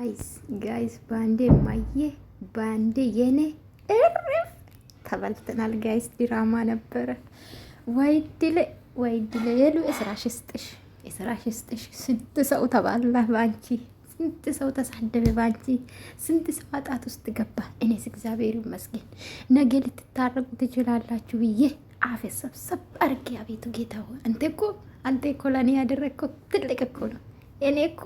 ጋይስ ጋይስ ባንዴ ማየ ባንዴ የኔ እርፍ ተበልተናል። ጋይስ ድራማ ነበረ። ወይድለ ወይድለ የሉ እስራሽ ስጥሽ እስራሽ ስጥሽ። ስንት ሰው ተባላ ባንቺ፣ ስንት ሰው ተሳደበ ባንቺ፣ ስንት ሰው አጣት ውስጥ ገባ። እኔስ እግዚአብሔር ይመስገን ነገ ልትታረቁ ትችላላችሁ ብዬ አፌ ሰብሰብ አርጌ አቤቱ ጌታ ሆይ አንተ እኮ አንተ እኮ ለእኔ ያደረግከው ትልቅ እኮ ነው። እኔ እኮ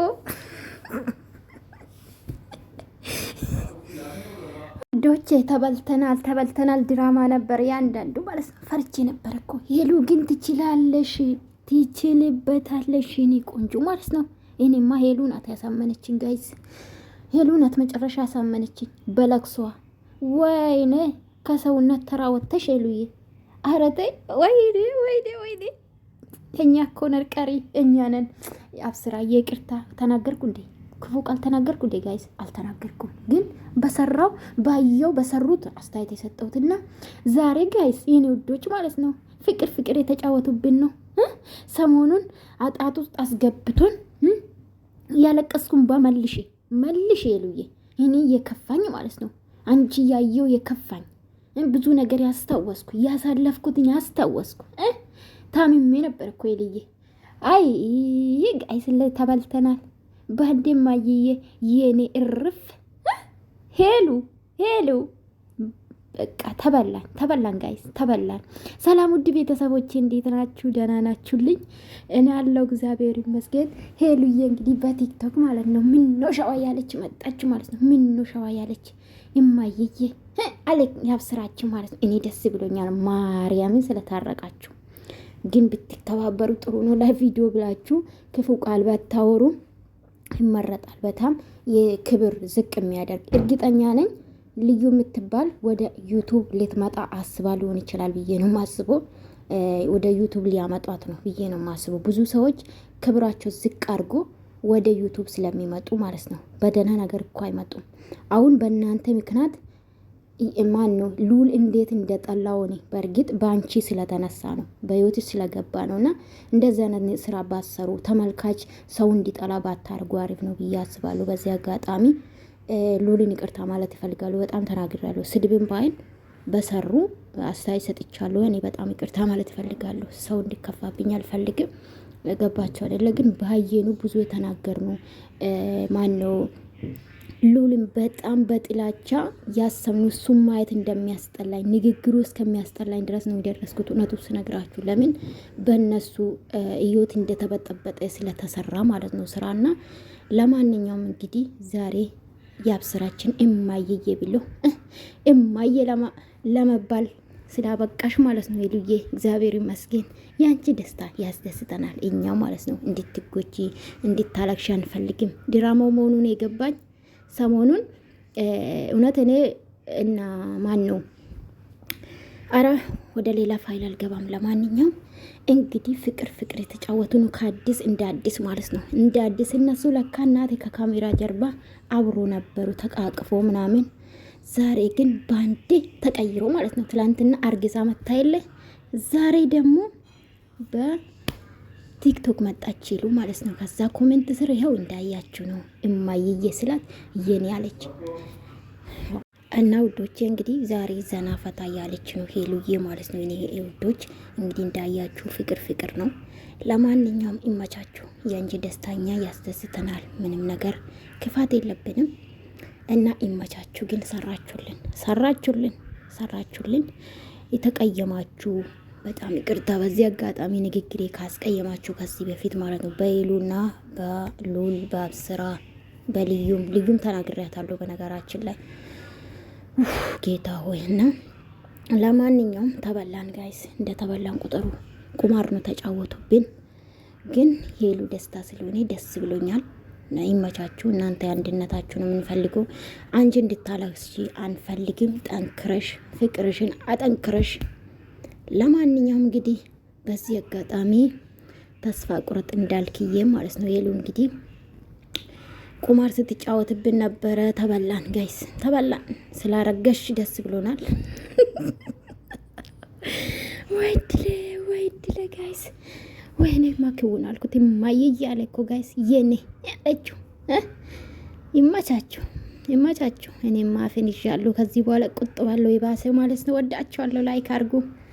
ውዶቼ ተበልተናል ተበልተናል። ድራማ ነበር ያንዳንዱ ማለት ነው። ፈርቼ ነበር እኮ ሄሉ ግን ትችላለሽ፣ ትችልበታለሽ እኔ ቆንጆ ማለት ነው። እኔማ ሄሉ ናት ያሳመነችኝ። ጋይዝ ሄሉ ናት መጨረሻ ያሳመነችኝ በለቅሷ። ወይኔ ከሰውነት ተራወተሽ ሄሉዬ፣ አረቴ ወይኔ ወይኔ ወይኔ። እኛ እኮ ነን ቀሪ፣ እኛ ነን። አብስራ ይቅርታ ተናገርኩ እንዴ? ክፉ ቃል ተናገርኩ እንዴ? ጋይዝ አልተናገርኩም ግን በሰራው ባየው በሰሩት አስተያየት የሰጠሁትና ዛሬ ጋይስ ይህኔ ውዶች ማለት ነው ፍቅር ፍቅር የተጫወቱብን ነው። ሰሞኑን አጣት ውስጥ አስገብቶን ያለቀስኩን በመልሼ መልሽ የሉዬ እኔ የከፋኝ ማለት ነው አንቺ ያየው የከፋኝ ብዙ ነገር ያስታወስኩ ያሳለፍኩት ያስታወስኩ ታምሜ ነበር እኮ የልዬ አይ ጋይስ ተበልተናል። በህንዴ ማየዬ የኔ እርፍ ሄሉ ሄሉ በቃ ተበላን ተበላን ጋይስ ተበላን። ሰላም ውድ ቤተሰቦቼ እንዴት ናችሁ? ደህና ናችሁልኝ? እኔ ያለው እግዚአብሔር ይመስገን። ሄሉዬ እንግዲህ በቲክቶክ ማለት ነው ምን ነው ሸዋ ያለች መጣችሁ ማለት ነው። ምን ነው ሸዋ ያለች ይማየዬ አለ ያብስራችሁ ማለት ነው። እኔ ደስ ብሎኛል ማርያምን ስለታረቃችሁ። ግን ብትተባበሩ ጥሩ ነው። ለቪዲዮ ብላችሁ ክፉ ቃል ባታወሩ ይመረጣል። በጣም የክብር ዝቅ የሚያደርግ እርግጠኛ ነኝ። ልዩ የምትባል ወደ ዩቱብ ልትመጣ አስባ ሊሆን ይችላል ብዬ ነው ማስቦ ወደ ዩቱብ ሊያመጧት ነው ብዬ ነው ማስቦ። ብዙ ሰዎች ክብራቸው ዝቅ አድርጎ ወደ ዩቱብ ስለሚመጡ ማለት ነው። በደህና ነገር እኮ አይመጡም። አሁን በእናንተ ምክንያት ማን ነው ሉል እንዴት እንደጠላው ነው። በእርግጥ በአንቺ ስለተነሳ ነው በህይወት ስለገባ ነው። እና እንደዚህ አይነት ስራ ባሰሩ ተመልካች ሰው እንዲጠላ ባታርጉ አሪፍ ነው ብዬ አስባለሁ። በዚህ አጋጣሚ ሉልን ይቅርታ ማለት ይፈልጋሉ። በጣም ተናግራለሁ። ስድብን ባይን በሰሩ አስተያየት ሰጥቻለሁ። እኔ በጣም ይቅርታ ማለት ይፈልጋለሁ። ሰው እንዲከፋብኝ አልፈልግም። ገባቸው አይደለ? ግን ባየኑ ብዙ የተናገር ነው ማን ነው ሉልን በጣም በጥላቻ ያሰሙ እሱም ማየት እንደሚያስጠላኝ ንግግሩ እስከሚያስጠላኝ ድረስ ነው የደረስኩት። እውነቱ ስነግራችሁ ለምን በእነሱ እዮት እንደተበጠበጠ ስለተሰራ ማለት ነው ስራና። ለማንኛውም እንግዲህ ዛሬ የአብስራችን እማዬዬ ብሎ እማየ ለመባል ስላበቃሽ ማለት ነው የሉዬ፣ እግዚአብሔር ይመስገን። የአንቺ ደስታ ያስደስተናል እኛው ማለት ነው። እንድትጎጂ እንድታለቅሽ አንፈልግም። ድራማው መሆኑን የገባኝ ሰሞኑን እውነት እኔ እና ማን ነው አረ ወደ ሌላ ፋይል አልገባም። ለማንኛውም እንግዲህ ፍቅር ፍቅር የተጫወቱ ነው ከአዲስ እንደ አዲስ ማለት ነው እንደ አዲስ እነሱ ለካ እናቴ ከካሜራ ጀርባ አብሮ ነበሩ ተቃቅፎ ምናምን። ዛሬ ግን ባንዴ ተቀይሮ ማለት ነው። ትላንትና አርግዛ መታየለ ዛሬ ደግሞ በ ቲክቶክ መጣች ይሉ ማለት ነው። ከዛ ኮሜንት ስር ይኸው እንዳያችሁ ነው እማይዬ ስላት የኔ አለች እና ውዶቼ እንግዲህ ዛሬ ዘና ፈታ ያለች ነው ሄሉዬ ማለት ነው። እኔ ውዶች እንግዲህ እንዳያችሁ ፍቅር ፍቅር ነው። ለማንኛውም ይመቻችሁ። የእንጂ ደስታኛ ያስደስተናል። ምንም ነገር ክፋት የለብንም እና ይመቻችሁ። ግን ሰራችሁልን፣ ሰራችሁልን፣ ሰራችሁልን የተቀየማችሁ በጣም ይቅርታ በዚህ አጋጣሚ ንግግሬ ካስቀየማችሁ ከዚህ በፊት ማለት ነው። በይሉና በሉል በአብስራ በልዩም ልዩም ተናግሬያታለሁ። በነገራችን ላይ ጌታ ሆይ እና ለማንኛውም ተበላን ጋይስ፣ እንደ ተበላን ቁጥሩ ቁማር ነው ተጫወቱብን። ግን ሄሉ ደስታ ስለሆነ ደስ ብሎኛል። ይመቻችሁ። እናንተ የአንድነታችሁ ነው የምንፈልገው። አንቺ እንድታለቅሺ አንፈልግም። ጠንክረሽ ፍቅርሽን አጠንክረሽ ለማንኛውም እንግዲህ በዚህ አጋጣሚ ተስፋ ቁረጥ እንዳልክዬ ማለት ነው የሉ እንግዲህ ቁማር ስትጫወትብን ነበረ። ተበላን ጋይስ ተበላን። ስላረገሽ ደስ ብሎናል። ወይድለ ወይድለ ጋይስ ወይኔ ማክውን አልኩት ማየ እያለ እኮ ጋይስ የኔ ያለችው ይመቻችሁ ይመቻችሁ። እኔ ማፌን ይዣለሁ። ከዚህ በኋላ ቁጥባለሁ የባሰ ማለት ነው። ወዳችኋለሁ። ላይክ አርጉ።